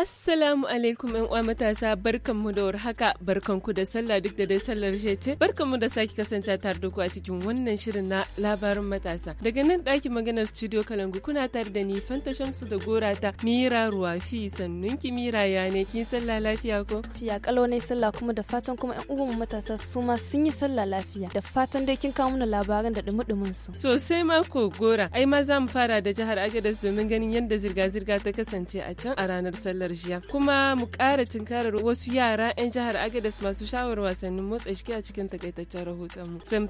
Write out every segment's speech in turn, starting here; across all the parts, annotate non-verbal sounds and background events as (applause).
Assalamu alaikum ƴan uwa matasa barkanmu da warhaka barkanku da sallah duk da dai sallar shece barkanmu da sake kasance tare da ku a cikin wannan shirin na labarin matasa daga nan ɗakin maganar studio Kalangu kuna tare da ni Fanta Shamsu da gora ta Mira Ruwafi sannun ki Mira ya ne kin sallah lafiya ko fiya kalo ne sallah kuma da fatan kuma ƴan uwan matasa su ma sun yi sallah lafiya da fatan dai kin kawo mana labaran da dumudumin su sosai ma ko gora ai ma za mu fara da jihar Agadez domin ganin yadda zirga-zirga ta kasance a can a ranar sallar marshiya kuma mu kara tunkarar wasu yara 'yan jihar Agadas masu shawar wasannin motsa jiki a cikin takaitaccen rahoton mu. Sam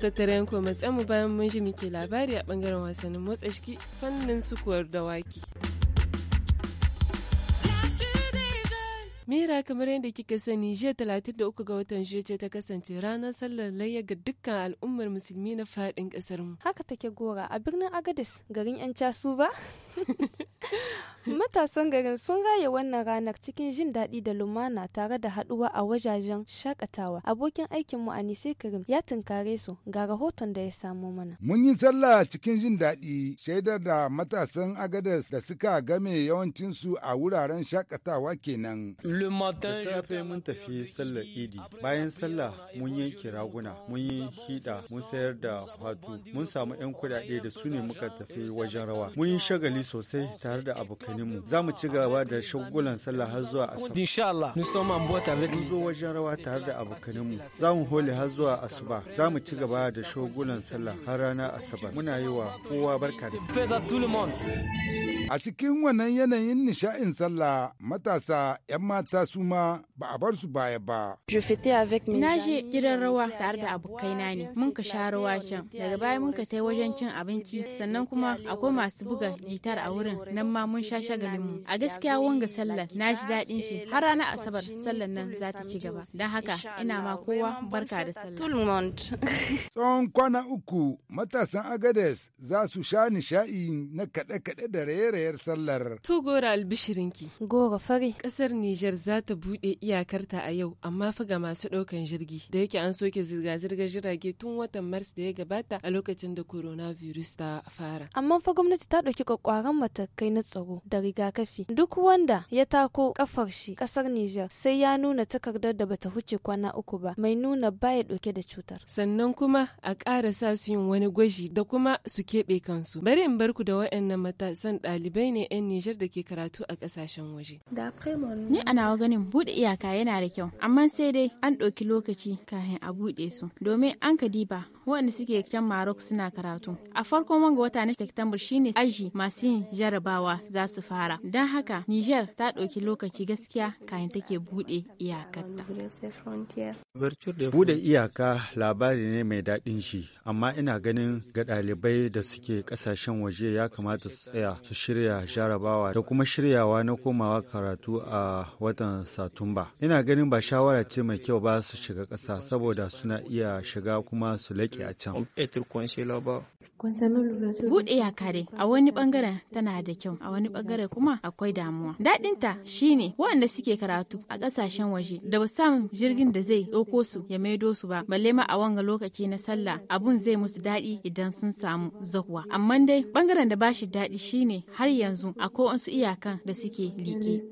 ko matsayin mu bayan mun ji muke labari a bangaren wasannin motsa jiki fannin sukuwar dawaki. Mira kamar yadda kika sani jiya talatin da uku ga watan jiya ce ta kasance ranar sallar layya ga dukkan al'ummar musulmi na fadin ƙasar mu. Haka take gora a birnin Agadis garin 'yan casu ba? (laughs) Matasan garin sun raya wannan ranar cikin jin daɗi da lumana tare da haɗuwa a wajajen shakatawa. Abokin aikin mu Anise Karim ya tunkare su ga rahoton da ya samo mana. Mun yi sallah cikin jin daɗi shaidar da matasan Agadis da suka game yawancinsu a wuraren shakatawa kenan. Da safe mun tafi sallar idi. Bayan sallah mun yanke raguna, mun yi hida, mun sayar da hatu, mun samu 'yan kudade da su ne muka tafi wajen rawa. Mun yi shagali sosai tare da mu Za mu ci gaba da shagulan sallah har zuwa asuba. Insha Allah, mun so mu bota Mun zo wajen rawa tare da mu Za mu hole har zuwa asuba. Za mu ci gaba da shagulan sallah har rana asabar. Muna yi wa kowa barka da A cikin wannan yanayin nishain sallah matasa 'yan mata makwabta suma ba a bar su baya ba. Na je gidan rawa tare da abokaina ne, mun ka sha rawa can, daga baya mun ka tai wajen cin abinci, sannan kuma akwai masu buga gitar a wurin, nan ma mun sha shagalin mu. A gaskiya wanga sallar na ji daɗin shi, har ranar Asabar sallar nan za ta ci gaba. Don haka ina ma kowa barka da sallar. (laughs) Tsawon kwana uku matasan Agades za su sha nishaɗi na kaɗe-kaɗe da raye-rayen sallar. Tugora albishirinki. Gora fari. Ƙasar Nijar za ta buɗe iyakarta a yau amma fi ga masu ɗaukan jirgi da yake an soke zirga-zirgar jirage tun watan mars da ya gabata a lokacin da coronavirus ta fara. Amma fa gwamnati ta ɗauki kwakwaran matakai na tsaro da rigakafi duk wanda ya tako kafar shi ƙasar niger sai ya nuna takardar da bata huce kwana uku ba mai nuna baya ɗauke da cutar. Sannan kuma a kara sa su yin wani gwaji da kuma su keɓe kansu. Bari in barku da waɗannan matasan ɗalibai ne 'yan niger da ke karatu a ƙasashen waje. Ni a nawa ganin buɗe iyaka iyaka yana da kyau amma sai dai an ɗauki lokaci kafin a buɗe su domin an ka diba waɗanda suke can Maroc suna karatu a farkon wanga wata na September shine aji masu yin jarabawa za su fara don haka Niger ta ɗauki lokaci gaskiya kafin take buɗe iyakarta buɗe iyaka labari ne mai daɗin shi amma ina ganin ga ɗalibai da suke ƙasashen waje ya kamata su tsaya su shirya jarabawa da kuma shiryawa na komawa karatu a watan Satumba ina ganin ba shawara ce mai kyau ba su shiga ƙasa saboda suna iya shiga kuma su laƙe a can Buɗe yaka dai a wani bangaren tana da kyau a wani bangare kuma akwai damuwa. Daɗinta shine waɗanda suke karatu a ƙasashen waje da ba samun jirgin da zai ɗauko su ya maido su ba balle ma a wanga lokaci na sallah abun zai musu daɗi idan sun samu zahuwa Amma dai bangaren da bashi daɗi shine har yanzu akwai wasu iyakan da suke liƙe.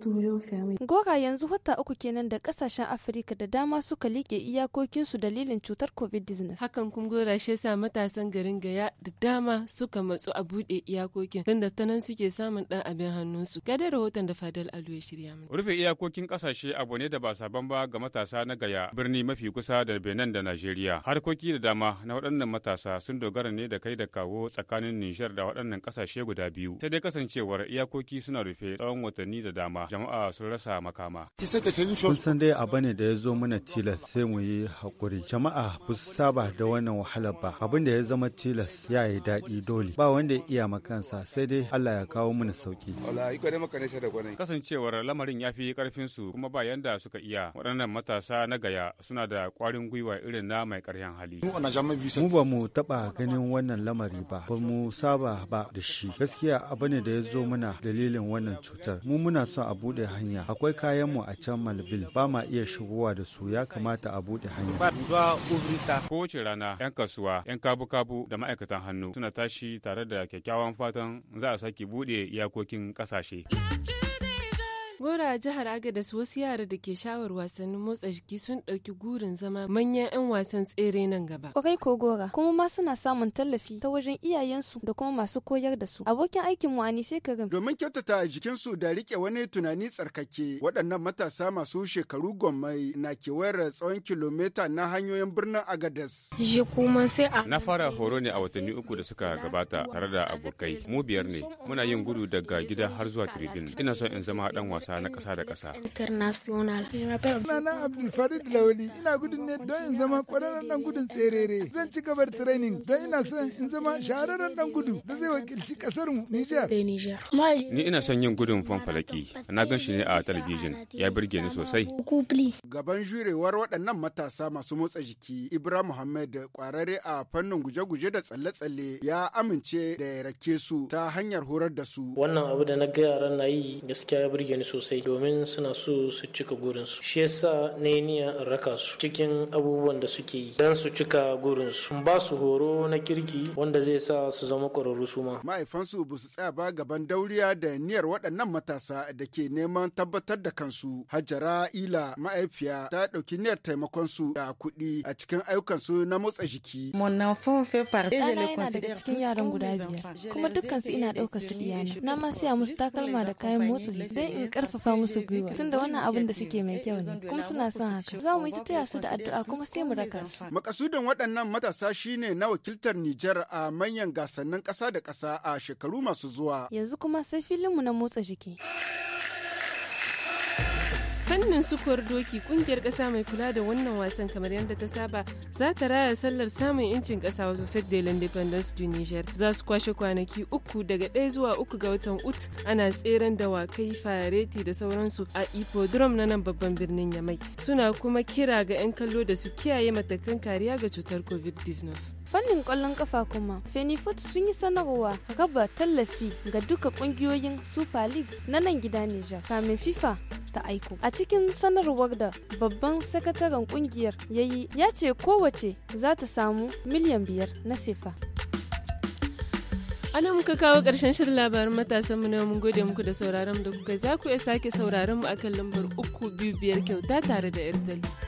Gora yanzu wata uku kenan da ƙasashen Afirka da dama suka liƙe iyakokinsu dalilin cutar COVID-19. Hakan kuma gora shi yasa matasan garin Gaya da dama suka matsu a buɗe iyakokin tunda ta nan suke samun ɗan abin hannunsu. Ga dai rahoton da Fadal Alu ya shirya mana. Rufe iyakokin ƙasashe abu ne da ba sabon ba ga matasa na Gaya birni mafi kusa da Benin da Najeriya. Harkoki da dama na waɗannan matasa sun dogara ne da kai da kawo tsakanin Nijar da waɗannan ƙasashe guda biyu. Sai dai kasancewar iyakoki suna rufe tsawon watanni da dama jama'a sun rasa makama. Kun san dai abu ne da ya zo mana tilas sai mu yi haƙuri. Jama'a ba su saba da wannan wahala ba. Abin da ya zama tilas ya yi daɗi dole ba wanda ya iya makansa sai dai Allah ya kawo mana sauki. Kasancewar lamarin ya fi su. kuma ba yanda suka iya waɗannan matasa na gaya suna da ƙwarin gwiwa irin na mai ƙarfin hali. Mu ba mu taɓa ganin wannan lamari ba ba mu saba ba da shi gaskiya abu ne da ya zo mana dalilin wannan cutar mu muna son a buɗe hanya akwai kayan mu a can malbil. ba ma iya shigowa da su ya kamata a buɗe hanya. Kowace rana 'yan kasuwa 'yan kabu-kabu da ma'aikatan hannu hannu suna tashi tare da kyakkyawan fatan za a sake bude iyakokin kasashe. Gora a jihar Agadas wasu yara da ke shawar wasannin motsa jiki sun ɗauki gurin zama manyan 'yan wasan tsere nan gaba. Kwarai ko gora kuma ma suna samun tallafi ta wajen iyayensu da kuma masu koyar da su. Abokin aikin mu Anise Karim. Domin kyautata jikinsu da rike wani tunani tsarkake waɗannan matasa masu shekaru gwammai na kewayar tsawon kilomita na hanyoyin birnin Agadas. sai Na fara horo ne a watanni uku da suka gabata tare da abokai. Mu biyar ne muna yin gudu daga gida har zuwa tribune. Ina son in zama ɗan wasa wasa na ƙasa da ƙasa. International. Nana Abdulfarid Lawali ina gudun ne don in zama ƙwararren dan gudun tserere. Zan ci gabar training don ina son in zama shahararren dan gudu da zai wakilci ƙasar mu Niger. Ni ina son yin gudun fanfalaki. Na gan shi ne a talabijin. Ya birge ni sosai. Gaban jurewar waɗannan matasa masu motsa jiki Ibrahim Muhammad ƙwararre a fannin guje-guje da tsalle-tsalle ya amince da ya rake su ta hanyar horar da su. Wannan abu da na ga yaran na yi gaskiya ya birge ni sosai. sosai domin suna so su cika gurinsu shi yasa na yi niyan raka su cikin abubuwan da suke yi dan su cika gurinsu ba su horo na kirki wanda zai sa su zama ƙwararru su ma mahaifansu ba su tsaya ba gaban dauriya da niyyar waɗannan matasa da ke neman tabbatar da kansu hajara ila ma'aifiya ta ɗauki niyyar taimakon su da kuɗi a cikin su na motsa jiki ɗana yana daga cikin yaran guda biyar kuma dukkan su ina ɗaukar su ɗiyana na ma siya musu takalma da kayan motsa jiki zai in karfafa musu gwiwa tunda wannan abin da suke mai kyau ne kuma suna son haka za mu yi ta taya su da addu'a kuma sai mu raka su makasudin waɗannan matasa shine na wakiltar Nijar a manyan gasannin ƙasa da ƙasa a shekaru masu zuwa yanzu kuma sai filinmu na motsa jiki fannin sukuwar doki kungiyar ƙasa mai kula da wannan wasan kamar yadda ta saba za ta raya sallar samun incin ƙasa wato fête independence du niger za su kwashe kwanaki uku daga ɗaya zuwa uku ga watan ut ana tseren da dawakai fareti da sauransu a ipodrom na nan babban birnin yamai suna kuma kira ga 'yan kallo da su kiyaye matakan kariya ga cutar covid-19 fannin kwallon kafa kuma fenifort sun yi sanarwa raba tallafi ga duka kungiyoyin super league na nan gida nijar kamin fifa ta aiko a cikin sanarwar da babban sakataren kungiyar ya yi ya ce kowace za ta samu miliyan biyar na sefa ana muka kawo ƙarshen shirin labarin matasan mu na mun gode muku da sauraron da kuka za ku iya sake sauraron mu kan lambar uku biyu biyar kyauta tare da yar airtel